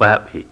Wapi?